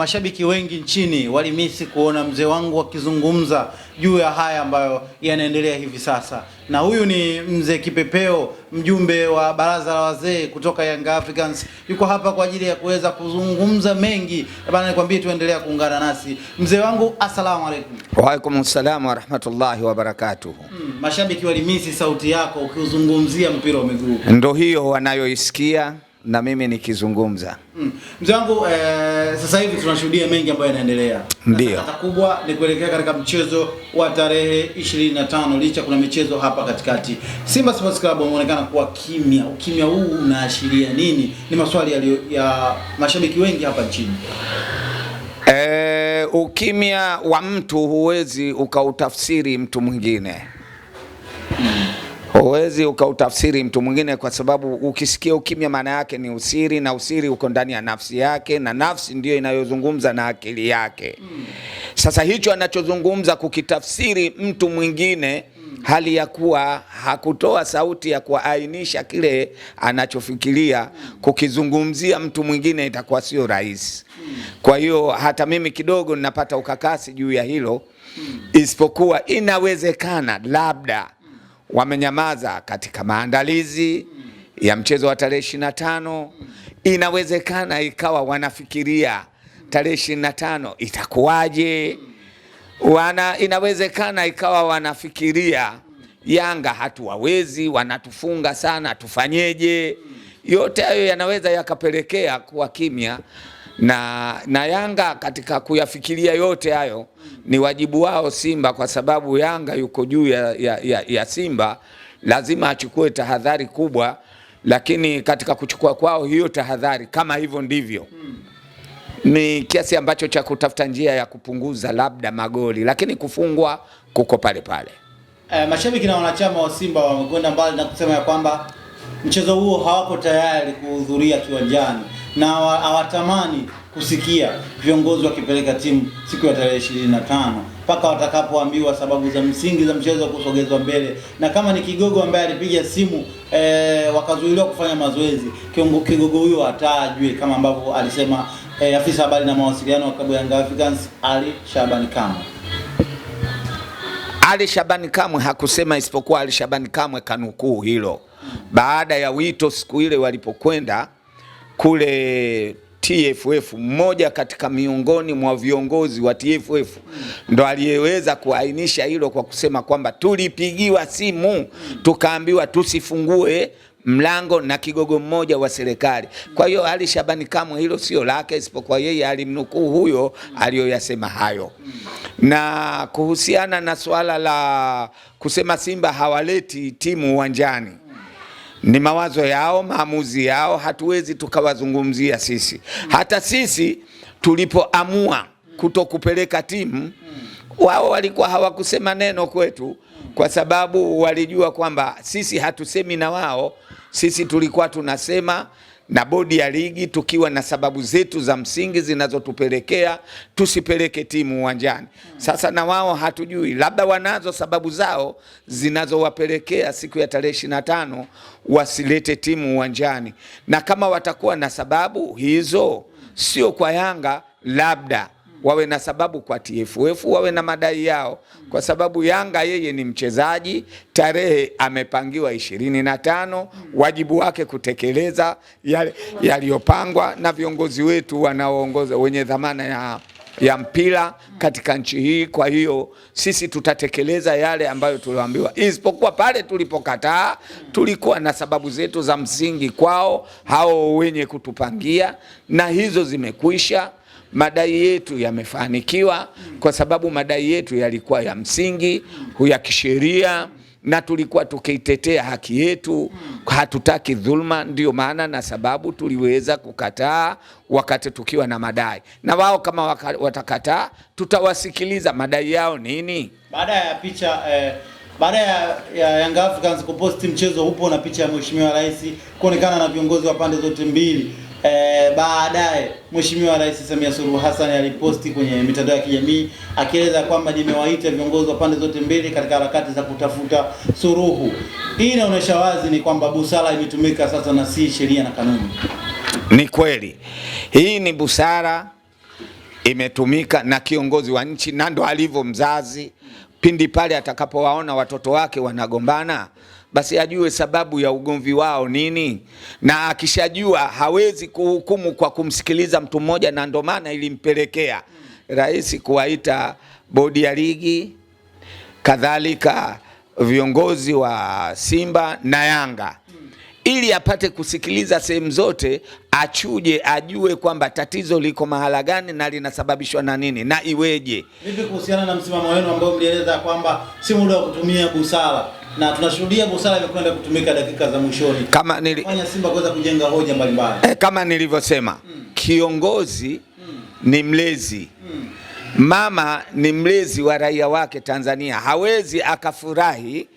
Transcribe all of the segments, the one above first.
mashabiki wengi nchini walimisi kuona mzee wangu akizungumza juu ya haya ambayo yanaendelea hivi sasa, na huyu ni mzee Kipepeo, mjumbe wa baraza la wazee kutoka Young Africans, yuko hapa kwa ajili ya kuweza kuzungumza mengi bana. Nikwambie tuendelea kuungana nasi mzee wangu, asalamu alaykum. Wa alaykum wa rahmatullahi wa barakatuh. Hmm, mashabiki walimisi sauti yako ukiuzungumzia mpira wa miguu, ndio hiyo wanayoisikia na mimi nikizungumza. Hmm, mzee wangu eh sasa hivi tunashuhudia mengi ambayo yanaendelea. Ndio. Sakata kubwa ni kuelekea katika mchezo wa tarehe 25 licha kuna michezo hapa katikati. Simba Sports Club wameonekana kuwa kimya. Ukimya huu unaashiria nini? Ni maswali ya, ya mashabiki wengi hapa nchini. Eh, ukimya wa mtu huwezi ukautafsiri mtu mwingine. Huwezi ukautafsiri mtu mwingine, kwa sababu ukisikia ukimya, maana yake ni usiri, na usiri uko ndani ya nafsi yake, na nafsi ndiyo inayozungumza na akili yake. Sasa hicho anachozungumza kukitafsiri mtu mwingine hali ya kuwa hakutoa sauti ya kuainisha kile anachofikiria kukizungumzia mtu mwingine itakuwa sio rahisi. Kwa hiyo hata mimi kidogo ninapata ukakasi juu ya hilo, isipokuwa inawezekana labda wamenyamaza katika maandalizi ya mchezo wa tarehe ishirini na tano. Inawezekana ikawa wanafikiria tarehe ishirini na tano itakuwaje? Wana, inawezekana ikawa wanafikiria Yanga hatuwawezi, wanatufunga sana, tufanyeje? Yote hayo yanaweza yakapelekea kuwa kimya na, na Yanga katika kuyafikiria yote hayo ni wajibu wao Simba, kwa sababu Yanga yuko juu ya, ya, ya, ya Simba, lazima achukue tahadhari kubwa, lakini katika kuchukua kwao hiyo tahadhari, kama hivyo ndivyo ni kiasi ambacho cha kutafuta njia ya kupunguza labda magoli, lakini kufungwa kuko pale pale. E, mashabiki na wanachama wa Simba wamekwenda mbali na kusema ya kwamba mchezo huo hawako tayari kuhudhuria kiwanjani na hawatamani kusikia viongozi wakipeleka timu siku ya tarehe 25 mpaka watakapoambiwa sababu za msingi za mchezo kusogezwa mbele. Na kama ni kigogo ambaye alipiga simu e, wakazuiliwa kufanya mazoezi, kigogo huyo atajwe kama ambavyo alisema e, afisa habari na mawasiliano wa klabu ya Young Africans Ali Shabani Kamwe. Ali Shabani Kamwe hakusema isipokuwa Ali Shabani Kamwe kanukuu hilo baada ya wito siku ile walipokwenda kule TFF mmoja katika miongoni mwa viongozi wa TFF ndo aliyeweza kuainisha hilo kwa kusema kwamba tulipigiwa simu tukaambiwa tusifungue mlango na kigogo mmoja wa serikali. Kwa hiyo Ali Shabani Kamwe hilo sio lake, isipokuwa yeye alimnukuu huyo aliyoyasema hayo. Na kuhusiana na suala la kusema Simba hawaleti timu uwanjani ni mawazo yao, maamuzi yao, hatuwezi tukawazungumzia sisi. Hata sisi tulipoamua kuto kupeleka timu, wao walikuwa hawakusema neno kwetu, kwa sababu walijua kwamba sisi hatusemi na wao, sisi tulikuwa tunasema na bodi ya ligi tukiwa na sababu zetu za msingi zinazotupelekea tusipeleke timu uwanjani. Sasa na wao hatujui, labda wanazo sababu zao zinazowapelekea siku ya tarehe ishirini na tano wasilete timu uwanjani, na kama watakuwa na sababu hizo, sio kwa Yanga labda wawe na sababu kwa TFF wawe na madai yao, kwa sababu Yanga yeye ni mchezaji, tarehe amepangiwa ishirini na tano. Wajibu wake kutekeleza yaliyopangwa na viongozi wetu wanaoongoza wenye dhamana ya ya mpira katika nchi hii. Kwa hiyo sisi tutatekeleza yale ambayo tulioambiwa, isipokuwa pale tulipokataa, tulikuwa na sababu zetu za msingi kwao hao wenye kutupangia, na hizo zimekwisha. Madai yetu yamefanikiwa kwa sababu madai yetu yalikuwa ya msingi, ya kisheria na tulikuwa tukitetea haki yetu, hatutaki dhulma. Ndio maana na sababu tuliweza kukataa wakati tukiwa na madai, na wao kama waka, watakataa tutawasikiliza madai yao nini. Baada ya picha eh, baada ya, ya Young Africans kuposti mchezo upo na picha ya Mheshimiwa Rais kuonekana na viongozi wa pande zote mbili Eh, baadaye Mheshimiwa Rais Samia Suluhu Hassan aliposti kwenye mitandao ya kijamii akieleza kwamba nimewaita viongozi wa pande zote mbili katika harakati za kutafuta suruhu. Hii inaonyesha wazi ni kwamba busara imetumika sasa na si sheria na kanuni. Ni kweli hii ni busara imetumika na kiongozi wa nchi na ndo alivyo mzazi pindi pale atakapowaona watoto wake wanagombana, basi ajue sababu ya ugomvi wao nini, na akishajua hawezi kuhukumu kwa kumsikiliza mtu mmoja, na ndo maana ilimpelekea rais kuwaita bodi ya ligi, kadhalika viongozi wa Simba na Yanga ili apate kusikiliza sehemu zote, achuje, ajue kwamba tatizo liko mahala gani na linasababishwa na nini na iweje. Vipi kuhusiana na msimamo wenu ambao mlieleza kwamba si muda wa kutumia busara na tunashuhudia busara imekwenda kutumika dakika za mwishoni, kama nili... fanya Simba kuweza kujenga hoja mbalimbali eh, kama nilivyosema hmm. kiongozi hmm. ni mlezi hmm. mama ni mlezi wa raia wake Tanzania, hawezi akafurahi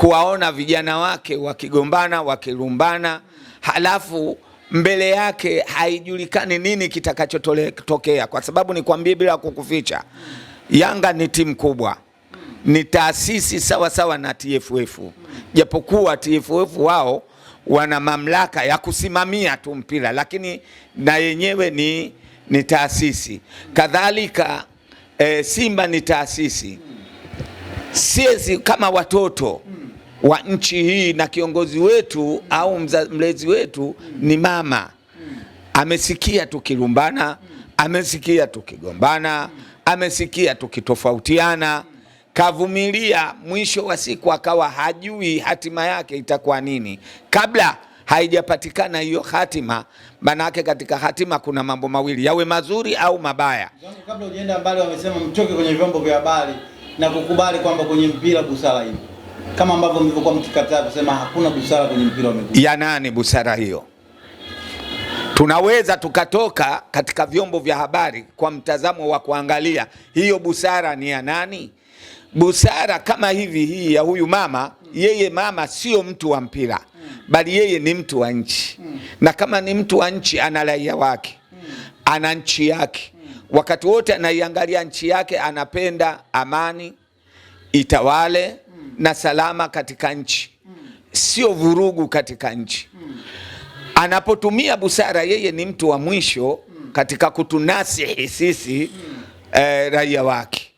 kuwaona vijana wake wakigombana, wakilumbana, halafu mbele yake haijulikani nini kitakachotokea, kwa sababu nikwambie bila kukuficha, Yanga ni timu kubwa, ni taasisi sawa sawa na TFF, japokuwa TFF wao wana mamlaka ya kusimamia tu mpira, lakini na yenyewe ni, ni taasisi kadhalika. E, Simba ni taasisi siezi kama watoto wa nchi hii na kiongozi wetu au mza, mlezi wetu ni mama. Amesikia tukilumbana, amesikia tukigombana, amesikia tukitofautiana, kavumilia. Mwisho wa siku akawa hajui hatima yake itakuwa nini kabla haijapatikana hiyo hatima. Manake katika hatima kuna mambo mawili, yawe mazuri au mabaya. Kabla hujaenda mbali, wamesema mtoke kwenye vyombo vya habari na kukubali kwamba kwenye mpira busara hivi kama ambavyo mlivyokuwa mkikataa kusema hakuna busara kwenye mpira wa miguu. Ya nani busara hiyo? Tunaweza tukatoka katika vyombo vya habari kwa mtazamo wa kuangalia hiyo busara ni ya nani? Busara kama hivi hii ya huyu mama, yeye mama sio mtu wa mpira bali yeye ni mtu wa nchi, na kama ni mtu wa nchi ana raia wake, ana nchi yake, wakati wote anaiangalia nchi yake, anapenda amani itawale na salama katika nchi, sio vurugu katika nchi. Anapotumia busara, yeye ni mtu wa mwisho katika kutunasihi sisi eh, raia wake,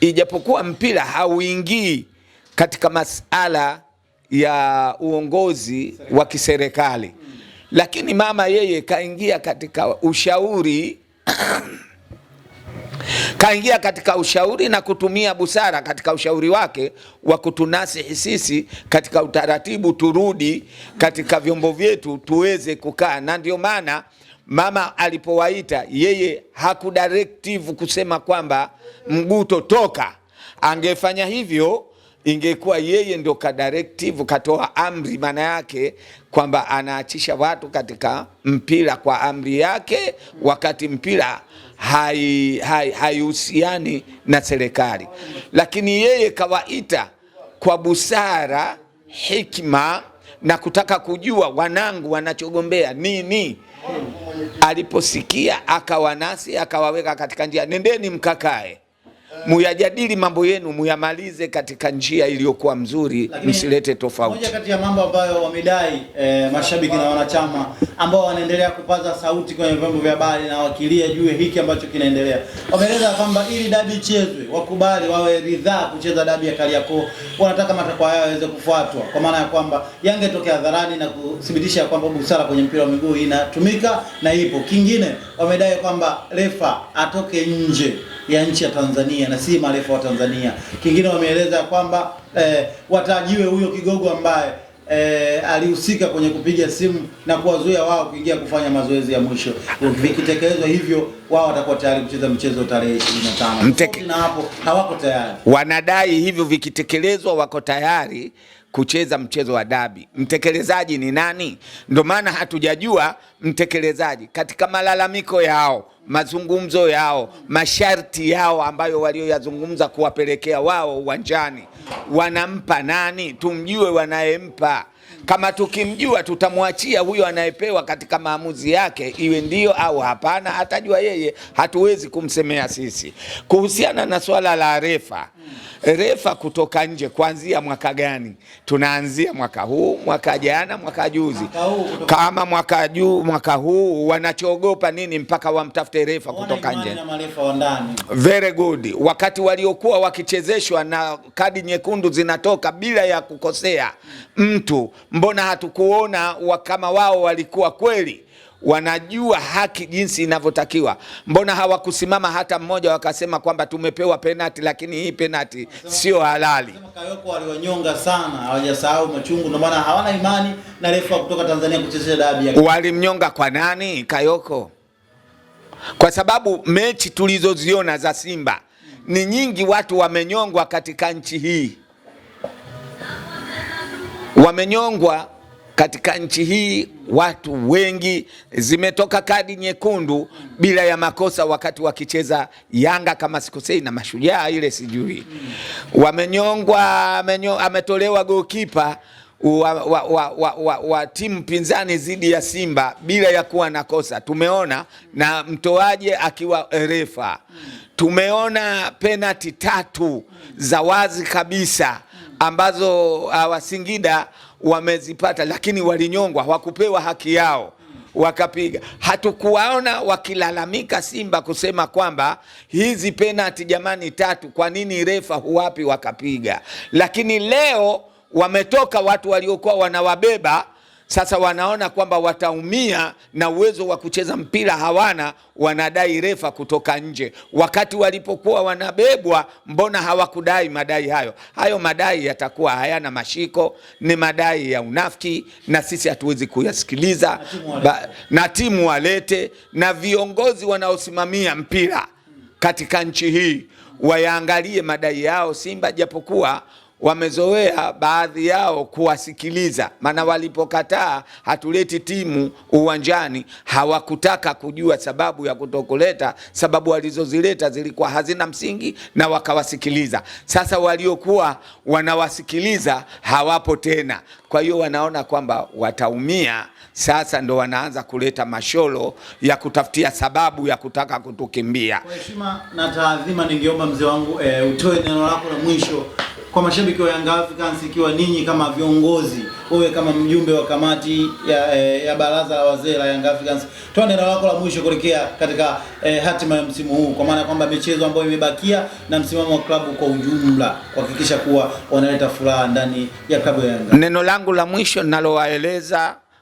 ijapokuwa mpira hauingii katika masala ya uongozi wa kiserikali, lakini mama yeye kaingia katika ushauri Kaingia katika ushauri na kutumia busara katika ushauri wake wa kutunasihi sisi katika utaratibu, turudi katika vyombo vyetu tuweze kukaa, na ndio maana mama alipowaita yeye hakudirective kusema kwamba Mguto toka. Angefanya hivyo ingekuwa yeye ndio ka directive katoa amri, maana yake kwamba anaachisha watu katika mpira kwa amri yake, wakati mpira haihusiani hai, hai na serikali, lakini yeye kawaita kwa busara, hikma na kutaka kujua wanangu wanachogombea nini. Aliposikia akawanasi akawaweka katika njia, nendeni mkakae muyajadili mambo yenu muyamalize katika njia iliyokuwa mzuri, msilete tofauti. Moja kati ya mambo ambayo wamedai e, mashabiki na wanachama ambao wanaendelea kupaza sauti kwenye vyombo vya habari na wakilia juu hiki ambacho kinaendelea, wameeleza kwamba ili dabi ichezwe, wakubali wawe ridhaa kucheza dabi ya Kariakoo. Wanataka matakwa yao yaweze kufuatwa, kwa maana ya kwamba Yanga itoke hadharani na kuthibitisha kwamba busara kwenye mpira wa miguu inatumika na ipo. Kingine wamedai kwamba refa atoke nje ya nchi ya Tanzania na si marefu wa Tanzania. Kingine wameeleza kwamba eh, watajiwe huyo kigogo ambaye eh, alihusika kwenye kupiga simu na kuwazuia wao kuingia kufanya mazoezi ya mwisho. Vikitekelezwa hivyo, wao watakuwa tayari kucheza mchezo tarehe 25. Na hapo hawako tayari, wanadai hivyo vikitekelezwa wako tayari kucheza mchezo wa dabi. Mtekelezaji ni nani? Ndio maana hatujajua mtekelezaji katika malalamiko yao, mazungumzo yao, masharti yao ambayo walioyazungumza kuwapelekea wao uwanjani, wanampa nani? Tumjue wanayempa. Kama tukimjua tutamwachia huyo anayepewa katika maamuzi yake, iwe ndio au hapana, atajua yeye, hatuwezi kumsemea sisi. Kuhusiana na swala la refa refa kutoka nje kuanzia mwaka gani? Tunaanzia mwaka huu, mwaka jana, mwaka juzi, kama mwaka juu, mwaka huu. Wanachoogopa nini mpaka wamtafute refa kutoka nje? Very good. Wakati waliokuwa wakichezeshwa na kadi nyekundu zinatoka bila ya kukosea mtu, mbona hatukuona kama wao walikuwa kweli wanajua haki jinsi inavyotakiwa. Mbona hawakusimama hata mmoja wakasema kwamba tumepewa penati, lakini hii penati sio halali? Kayoko waliwanyonga sana, hawajasahau machungu, ndio maana hawana imani na refa kutoka Tanzania kuchezea dabi. Walimnyonga kwa nani? Kayoko, kwa sababu mechi tulizoziona za Simba ni nyingi, watu wamenyongwa katika nchi hii, wamenyongwa katika nchi hii watu wengi zimetoka kadi nyekundu bila ya makosa, wakati wakicheza Yanga kama sikosei na Mashujaa ile sijui wamenyongwa, ametolewa goalkeeper wa, wa, wa, wa, wa, wa timu pinzani dhidi ya Simba bila ya kuwa na kosa. Tumeona na mtoaje akiwa refa, tumeona penati tatu za wazi kabisa ambazo ah, wasingida wamezipata, lakini walinyongwa, hawakupewa haki yao wakapiga. Hatukuwaona wakilalamika Simba kusema kwamba hizi penati jamani tatu, kwa nini refa huwapi? Wakapiga. Lakini leo wametoka watu waliokuwa wanawabeba sasa wanaona kwamba wataumia na uwezo wa kucheza mpira hawana, wanadai refa kutoka nje. Wakati walipokuwa wanabebwa, mbona hawakudai madai hayo? Hayo madai yatakuwa hayana mashiko, ni madai ya unafiki, na sisi hatuwezi kuyasikiliza. Na timu walete na viongozi wanaosimamia mpira katika nchi hii wayaangalie madai yao Simba, japokuwa wamezoea baadhi yao kuwasikiliza, maana walipokataa hatuleti timu uwanjani, hawakutaka kujua sababu ya kutokuleta. Sababu walizozileta zilikuwa hazina msingi na wakawasikiliza. Sasa waliokuwa wanawasikiliza hawapo tena, kwa hiyo wanaona kwamba wataumia. Sasa ndo wanaanza kuleta masholo ya kutafutia sababu ya kutaka kutukimbia. Kwa heshima na taadhima, ningeomba mzee wangu e, utoe neno lako la mwisho kwa mashabiki mashabiki wa Young Africans, ikiwa ninyi kama viongozi, wewe kama mjumbe wa kamati ya, eh, ya baraza la wazee la Young Africans, toa neno lako la mwisho kuelekea katika eh, hatima ya msimu huu, kwa maana kwamba michezo ambayo imebakia na msimamo wa klabu kwa ujumla, kuhakikisha kuwa wanaleta furaha ndani ya klabu ya Yanga. Neno langu la mwisho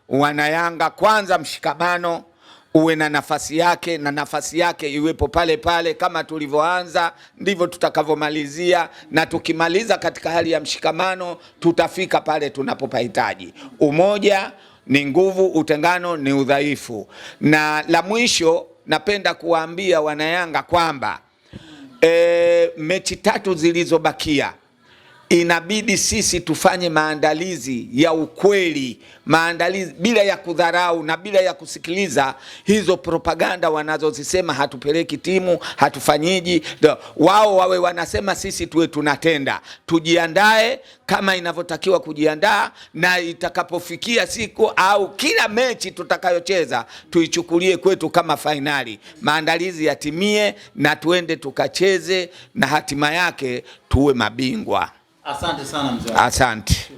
wana yanga kwanza mshikamano uwe na nafasi yake na nafasi yake iwepo pale pale. Kama tulivyoanza ndivyo tutakavyomalizia, na tukimaliza katika hali ya mshikamano, tutafika pale tunapopahitaji. Umoja ni nguvu, utengano ni udhaifu. Na la mwisho, napenda kuwaambia wanayanga kwamba e, mechi tatu zilizobakia inabidi sisi tufanye maandalizi ya ukweli, maandalizi bila ya kudharau na bila ya kusikiliza hizo propaganda wanazozisema, hatupeleki timu, hatufanyiji. Wao wawe wanasema, sisi tuwe tunatenda. Tujiandae kama inavyotakiwa kujiandaa, na itakapofikia siku au kila mechi tutakayocheza tuichukulie kwetu kama fainali. Maandalizi yatimie na tuende tukacheze, na hatima yake tuwe mabingwa. Asante sana mzee. Asante.